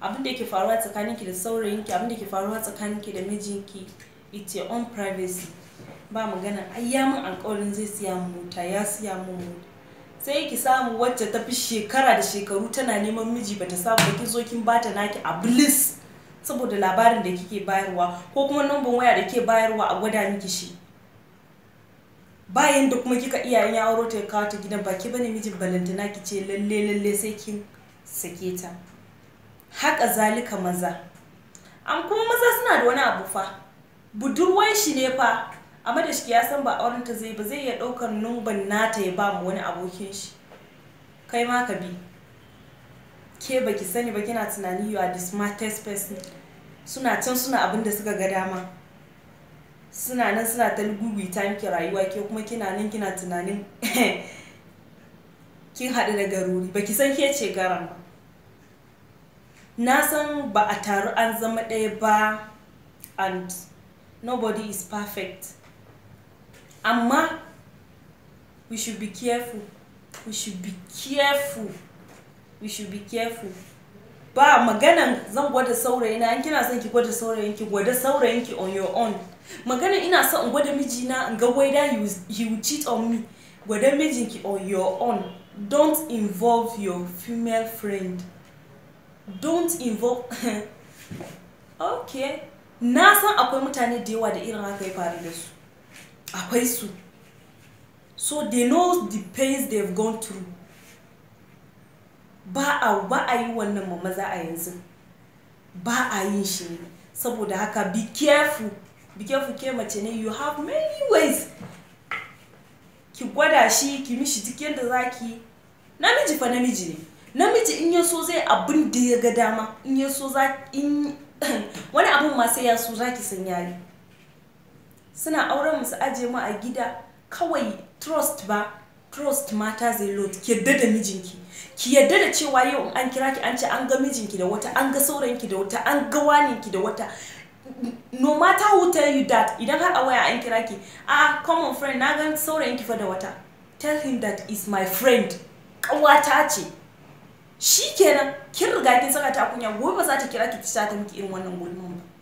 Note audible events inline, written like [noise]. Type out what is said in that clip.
abin da yake faruwa tsakanin ki da saurayin ki abin da yake faruwa tsakanin ki da mijinki it's your own privacy ba magana ai ya mun alƙawarin zai siya mu mota ya siya mu mota sai ki samu wacce ta fi shekara da shekaru tana neman miji bata samu ba kin kin bata naki a bliss saboda labarin da kike bayarwa ko kuma numban waya da kike bayarwa a gwada miki shi bayan da kuma kika iyayen ya aure ta kawo ta gidan baki bane mijin balantana ki ce lalle lalle sai kin sake ta haka zalika maza an kuma maza suna da wani abu fa budurwan shi ne fa amma da shi ya san ba auren ta zai ba zai iya daukar numban nata ya ba mu wani abokin shi kai ma ka bi ke baki sani ba kina tunani you are the smartest person suna can suna abin da suka ga dama suna nan suna ta ta miki rayuwa ke kuma kina nan kina tunanin [laughs] kin haɗu da garuri baki san ke ce garan ba na san ba a taru an zama ɗaya ba and nobody is perfect amma we should be careful we should be careful we should be careful ba maganan zan gwada saurayina in kina son ki gwada saurayinki gwada saurayinki on your own magana ina son in gwada mijina in ga whether he will cheat on me gwada mijinki on your own don't involve your female friend don't involve [laughs] okay na san akwai mutane da yawa da irin haka ya faru da su akwai su so they know the pains they've gone through ba a ba a yi wannan ma maza a yanzu ba a yin shi ne saboda haka be careful be careful ke mace ne you have many ways ki gwada shi ki mishi duk yadda zaki namiji fa namiji ne namiji in ya so zai abin da ya ga dama in ya so za in [coughs] wani abin ma sai ya so za ki san yayi suna auren musu aje mu a gida kawai trust ba trust mata zai load ki yadda da mijinki ki yadda da cewa yau in an kira ki an ce an ga mijinki da wata an ga saurayinki da wata an ga waninki da wata no matter who tell you that idan har a waya an kira ki a ah, common friend na ga saurayinki fa da wata tell him that is my friend ƙawata ce shikenan kin riga kin saka ta gobe ba za ta kira ki ta miki irin wannan gulmin ba